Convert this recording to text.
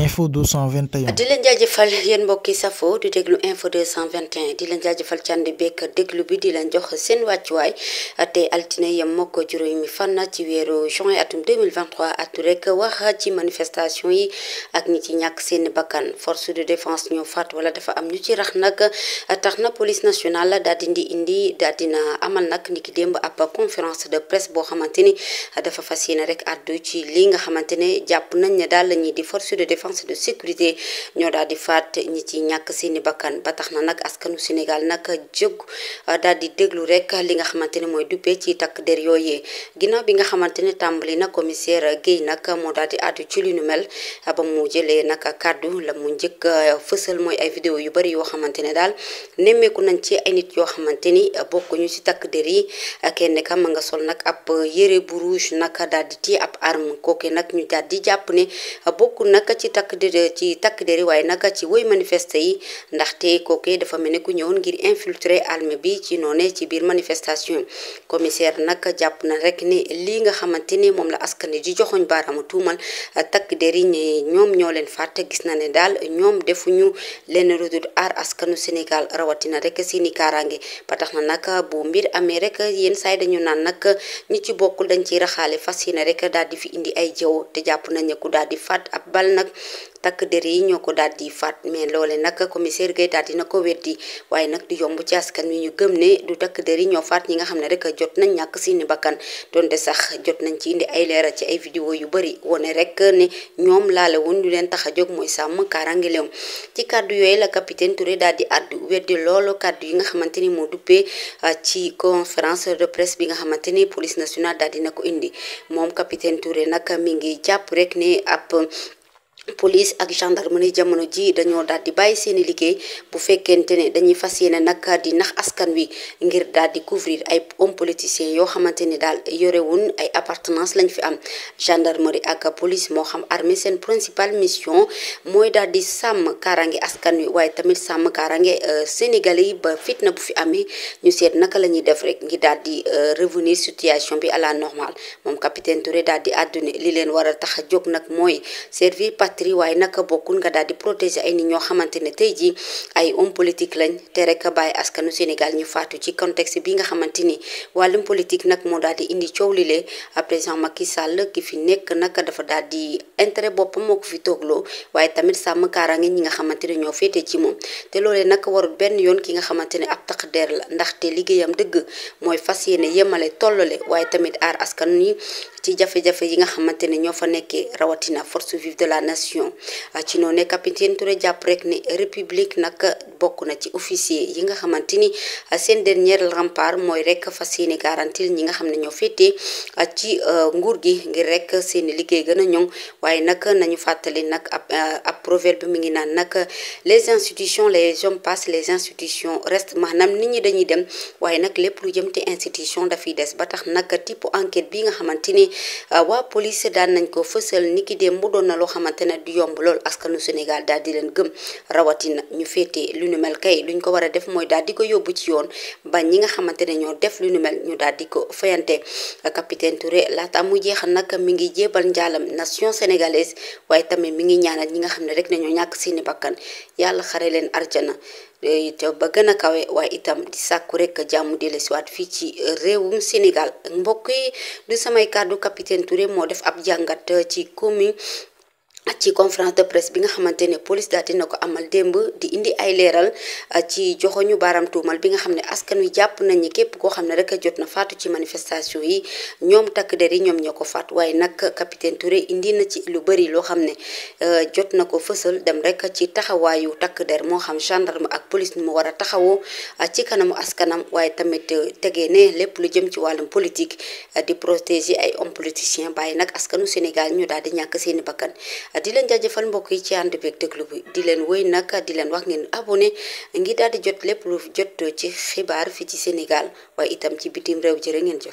info 221. Ah, di leen jaajëfal yéen mbokki safo di déglu info 221 di leen jaajëfal ci ànd beeg déglu bi di leen jox seen wàccuwaay ah, te altine yam moo ko juróomi fan ci weeru juin atum 2023 atu rek wax ci manifestation yi ak ñi ci ñàkk seen bakkan force de défense ñoo faat wala dafa am ñu ci rax nag ah, tax na police nationale daal di indi indi daal dina amal nag ni ki démb ab conférence de presse boo xamante ni dafa fas yéene rek addu ci li nga xamante ne jàpp nañ ne daal la di force de défense force de sécurité ñoo daal di faat ñi ci ñàkk seeni bakkan ba tax na nag askanu Sénégal nag jóg uh, daal di déglu rek li nga xamante ne mooy duppee ci takk der yooyee ginnaaw bi nga xamante ne tàmbali na commissaire géey nag moo daal di àddu ci li nu mel uh, ba mu jëlee nag kàddu la mu njëkk uh, fësal mooy ay vidéo yu bari yoo xamante ne daal nemmeeku nañ ci ay nit yoo xamante ni bokkuñu ci takk der yi kenn ka nga sol nag ab yëre bu rouge nag daal di ab arme kooke nag ci takk der ci takk der waaye nag ci woy manifeste yi ndaxte kooke dafa mel ne ku ñëwoon ngir infiltrer alme bi ci noone ci biir manifestation commissaire nag jàpp na rek ni lii nga xamante ne moom la askan ji joxoñ baaraamu tuumal takk der yi ne ñoom ñoo leen fàtte gis na ne daal ñoom defu defuñu leen rudul aar askanu Sénégal rawatina rek seeni kaaraange ba tax na nag bu mbir amee rek yenn saay dañu naan nag ñi ci bokkul dañ ci raxaale fas yéene rek daal di fi indi ay jaww te jàpp nañ ne ku di fàtt ab bal nag takk der yi ñoo ko daal di faat mais loole nag commissaire Guèye daal na ko weddi waaye nag di yomb ci askan wi ñu gëm ne du takk der yi ñoo faat ñi nga xam ne rek jot nañ ñàkk seeni bakkan donte sax jot nañ ci indi ay leeral ci ay vidéo yu bari wone rek ne ñoom laale woon du leen tax a jóg mooy sàmm kaaraange leew ci kàddu yooyu la capitaine Touré daal di addu weddi loolu kàddu yi nga xamante ni moo duppee ah, ci conférence de presse bi nga xamante ni police nationale daal dina ko indi moom capitaine Touré nag mi ngi jàpp rek ne ab police ak gendarmerie jamono ji dañoo daal di bàyyi seeni liggéey bu fekkente ne dañuy fas yéene nag di ndax askan wi ngir daal di couvrir ay hommes politiciens yoo xamante ni daal yorewul ay appartenance lañ fi am gendarmerie ak police moo xam armée seen principale mission mooy daal di sàmm kaaraange askan wi waaye tamit sàmm kaaraange euh, sénégalais yi ba fitna bu fi amee ñu seet naka la ñuy def rek ngi daal di euh, revenir situation bi à la moom capitaine Touré daal di àdduna li leen war a tax a jóg nag mooy patrie waaye naka bokkul nga daal di protéger ay nit ñoo xamante ne tey jii ay homme politique lañ te rek bàyyi askanu Sénégal ñu faatu ci contexte bi nga xamante ni wàllum politique nag moo daal di indi coow li lee président Macky Sall ki fi nekk naka dafa daal di intérêt boppam moo ko fi toogloo waaye tamit sàmm kaaraange ñi nga xamante ne ñoo féete ci moom te loolee nag warul benn yoon ki nga xamante ne ab tax der la ndax ndaxte liggéeyam dëgg mooy fas yéene yemale tollale waaye tamit aar askan wi ci jafe yi nga xamante ne ñoo fa nation ah, ci noonee capitaine Touré jàpp rek ne république nag bokk na ci officier yi nga xamante ni ah, seen dernier rempart mooy rek fas yéene garantil ñi nga xam ne ñoo féetee ah, ci nguur gi ngir rek seen liggéey gën a ñoŋ waaye nag nañu fàttali nag ab ab proverbe mu ngi naan nag les institutions les hommes passent les institutions restent manaam nit ñi dañuy dem waaye nag lépp lu jëm te institution dafiy des ba tax nag type enquête bi nga xamante ni waa police na loo xamante ne du yomb lool askanu Sénégal daal di leen gëm rawatina ñu féetee lu nu mel kay luñ ko war a def mooy daal di ko yóbbu ci yoon ba ñi nga xamante ne ñoo def lu nu mel ñu daal di ko fayante capitaine Touré laata mu jeexal nag mi ngi jébal njaalam nation sénégalaise waaye tamit mi ngi ñaanal ñi nga xam ne rek nañoo ñàkk seeni bakkan yàlla xare leen arjana eh, te ba gën a kawe waaye itam di sàkku rek jàmm dellusiwaat fii ci réewum Sénégal mbokk yi du samay kàddu capitaine Touré moo def ab jàngat ci conférence de presse bi nga xamante ne police daal dina ko amal démb di indi ay leeral ah, ci joxoñu baaram tuumal bi nga xam ne askan wi jàpp nañ ni képp koo xam ne rek jot na faatu ci manifestation yi ñoom takk yi ñoom ñoo ko faat waaye nag capitaine Touré indi na ci lu bëri loo xam ne ah, jot na ko fësal dem rek ci taxawaayu takk moo xam gendarme ak police ni war a taxawoo ah, ci kanamu askanam waaye tamit tegee ne lépp lu jëm ci wàllum politique di protéger ay bàyyi nag askanu Sénégal ñu daal di ñàkk seeni bakkan di leen jaajëfal mbokk yi ci ànd beeg déglu bi di leen woy nag di leen wax ngeen abonné ngi daal di jot lépp lu jot ci xibaar fi ci Sénégal waaye itam ci bitim réew jërë ngeen jëf